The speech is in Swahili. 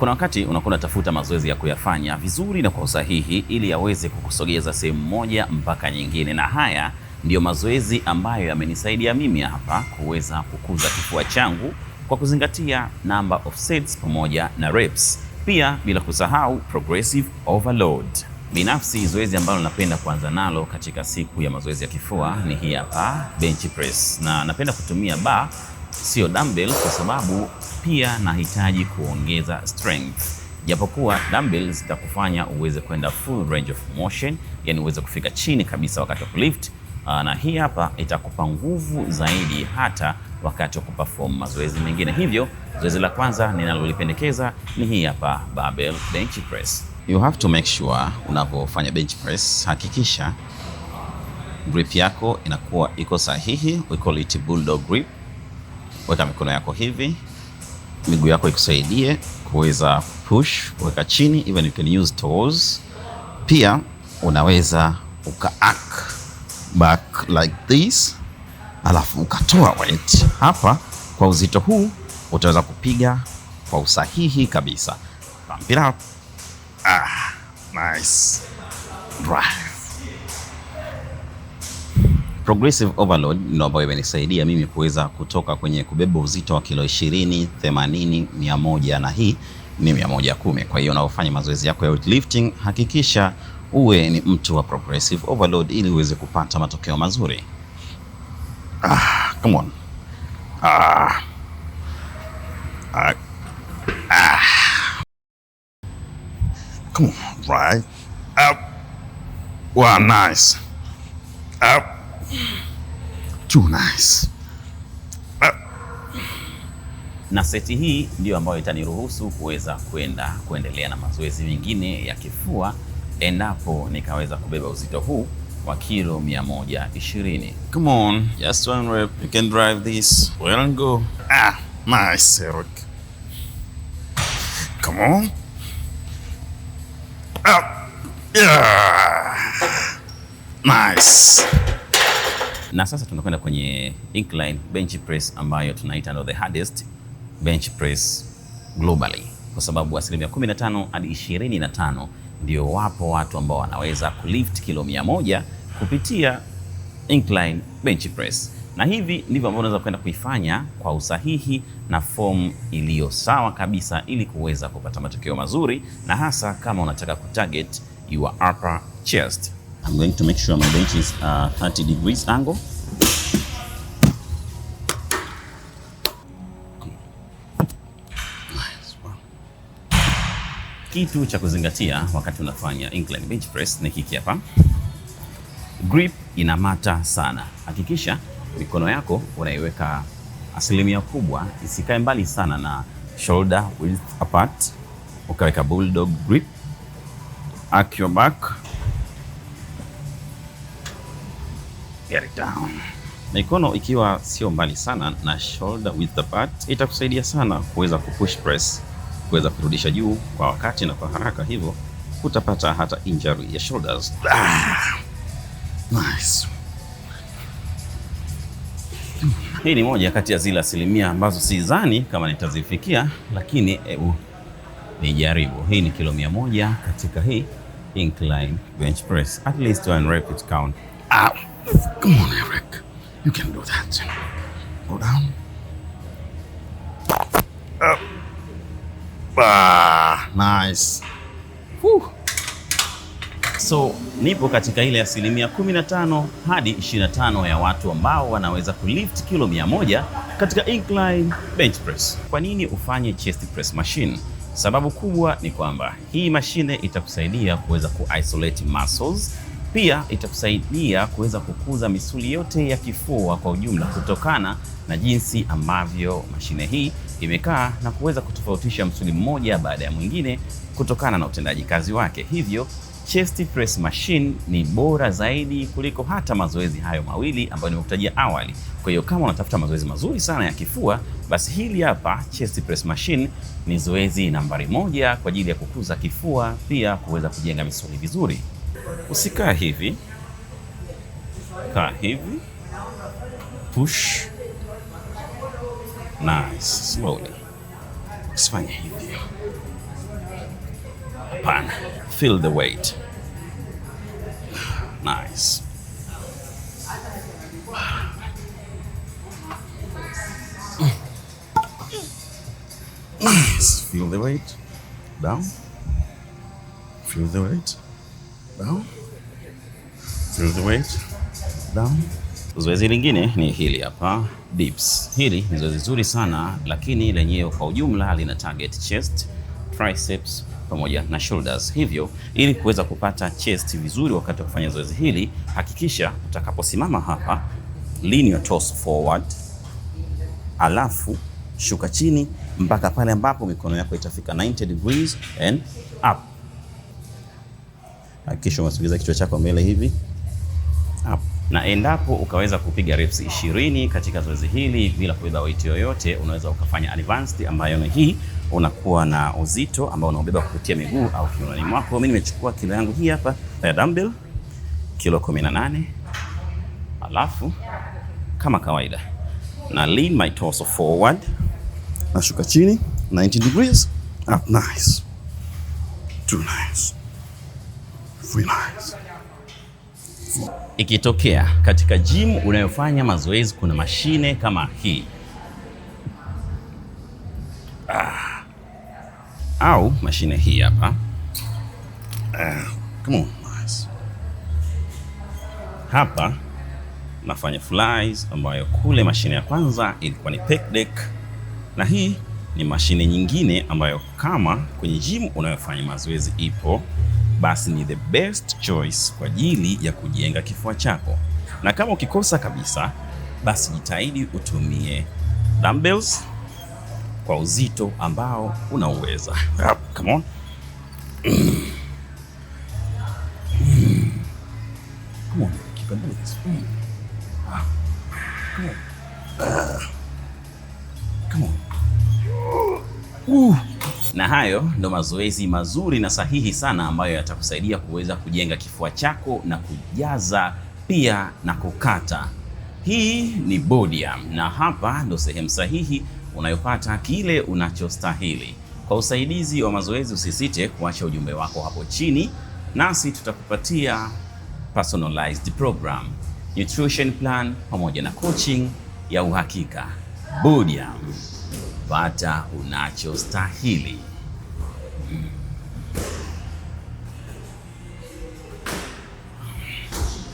Kuna wakati unakuwa unatafuta mazoezi ya kuyafanya vizuri na kwa usahihi ili yaweze kukusogeza sehemu moja mpaka nyingine, na haya ndiyo mazoezi ambayo yamenisaidia mimi hapa kuweza kukuza kifua changu kwa kuzingatia number of sets pamoja na reps, pia bila kusahau progressive overload. Binafsi, zoezi ambalo napenda kuanza nalo katika siku ya mazoezi ya kifua ni hii hapa bench press, na napenda kutumia bar sio dumbbell, kwa sababu pia nahitaji kuongeza strength, japokuwa dumbbells zitakufanya uweze kwenda full range of motion, yani uweze kufika chini kabisa wakati wa kulift, ah, na hii hapa itakupa nguvu zaidi hata wakati wa kuperform mazoezi mengine. Hivyo zoezi la kwanza ninalolipendekeza ni hii hapa barbell bench press. You have to make sure unapofanya bench press hakikisha grip yako inakuwa iko sahihi, we call it bulldog grip weka mikono yako hivi, miguu yako ikusaidie kuweza push, weka chini, even you can use toes. Pia unaweza uka arc back like this, alafu ukatoa weight hapa. Kwa uzito huu utaweza kupiga kwa usahihi kabisa. Pump it up. Ah, nice. Right. Progressive Overload ndio ambayo imenisaidia mimi kuweza kutoka kwenye kubeba uzito wa kilo 20, 80, 100 na hii ni 110. Kwa hiyo unaofanya mazoezi yako ya weightlifting hakikisha uwe ni mtu wa progressive overload ili uweze kupata matokeo mazuri. Ah, come on. Ah. Ah. Ah. Come on, right. Up. Ah. Wow, nice. Up. Ah. Too nice. Ah. Na seti hii ndiyo ambayo itaniruhusu kuweza kwenda kuendelea na mazoezi mengine ya kifua endapo nikaweza kubeba uzito huu wa kilo 120. Come on, just one rep. You can drive this. Well and go. Ah, nice, Eric. Come on. Ah, yeah. Nice. Na sasa tunakwenda kwenye incline bench press ambayo tunaita ndo the hardest bench press globally, kwa sababu asilimia 15 hadi 25 ndio wapo watu ambao wanaweza kulift kilo 100 kupitia incline bench press, na hivi ndivyo ambavyo unaweza kwenda kuifanya kwa usahihi na fomu iliyo sawa kabisa, ili kuweza kupata matokeo mazuri, na hasa kama unataka kutarget your upper chest. I'm going to make sure my bench is uh, 30 degrees angle. Kitu cha kuzingatia wakati unafanya incline bench press ni hiki hapa. Grip ina mata sana. Hakikisha mikono yako unaiweka asilimia kubwa isikae mbali sana na shoulder width apart, ukaweka bulldog grip, arch your back get it down. Mikono ikiwa sio mbali sana na shoulder width apart itakusaidia sana kuweza kupush press, kuweza kurudisha juu kwa wakati na kwa haraka, hivyo utapata hata injury ya shoulders. Ah, nice. Hii ni moja kati ya zile asilimia ambazo sidhani kama nitazifikia, lakini hebu eh, uh, nijaribu. Hii ni kilo mia moja katika hii incline bench press, at least one rep it count. Ah. Come on, Eric. You can do that. Go down. Up. Uh, ah, nice. Whew. So nipo katika ile asilimia 15 hadi 25 ya watu ambao wanaweza kulift kilo 100 katika incline bench press. Kwa nini ufanye chest press machine? Sababu kubwa ni kwamba hii mashine itakusaidia kuweza kuisolate muscles pia itakusaidia kuweza kukuza misuli yote ya kifua kwa ujumla, kutokana na jinsi ambavyo mashine hii imekaa na kuweza kutofautisha msuli mmoja baada ya mwingine kutokana na utendaji kazi wake. Hivyo chest press machine ni bora zaidi kuliko hata mazoezi hayo mawili ambayo nimekutajia awali. Kwa hiyo kama unatafuta mazoezi mazuri sana ya kifua, basi hili hapa chest press machine ni zoezi nambari moja kwa ajili ya kukuza kifua, pia kuweza kujenga misuli vizuri. Usikaa hivi, kaa hivi, push. Nice, slowly. Usifanye hivi, hapana. Feel the weight. Nice. Nice. Feel the weight. Down. Feel the weight down, through the waist, down. Zoezi lingine ni hili hapa dips. Hili ni zoezi zuri sana lakini lenyewe kwa ujumla lina target chest, triceps pamoja na shoulders. Hivyo ili kuweza kupata chest vizuri wakati wa kufanya zoezi hili, hakikisha utakaposimama hapa, lean your torso forward, alafu shuka chini mpaka pale ambapo mikono yako itafika 90 degrees and up hakikisha umesogeza kichwa chako mbele hivi hapo. Na endapo ukaweza kupiga reps 20 katika zoezi hili bila kubeba weight yoyote, unaweza ukafanya advanced ambayo ni hii, unakuwa na uzito ambao unaobeba kupitia miguu au kiunoni mwako. Mimi nimechukua kilo yangu hii hapa ya dumbbell kilo 18, alafu kama kawaida na lean my torso forward, nashuka chini 90 degrees up, nice too nice Ikitokea katika gym unayofanya mazoezi kuna mashine kama hii ah, au mashine hii hapa ah, come on, nice. Hapa nafanya flies ambayo kule mashine ya kwanza ilikuwa ni pec deck, na hii ni mashine nyingine ambayo kama kwenye gym unayofanya mazoezi ipo basi ni the best choice kwa ajili ya kujenga kifua chako, na kama ukikosa kabisa, basi jitahidi utumie dumbbells kwa uzito ambao unauweza. Come on. Come on, you can do this. Come on. Come on. Na hayo ndo mazoezi mazuri na sahihi sana ambayo yatakusaidia kuweza kujenga kifua chako na kujaza pia na kukata. Hii ni bodium na hapa ndo sehemu sahihi unayopata kile unachostahili. Kwa usaidizi wa mazoezi, usisite kuacha ujumbe wako hapo chini, nasi tutakupatia personalized program, nutrition plan pamoja na coaching ya uhakika. Bodium kupata unachostahili. Hmm.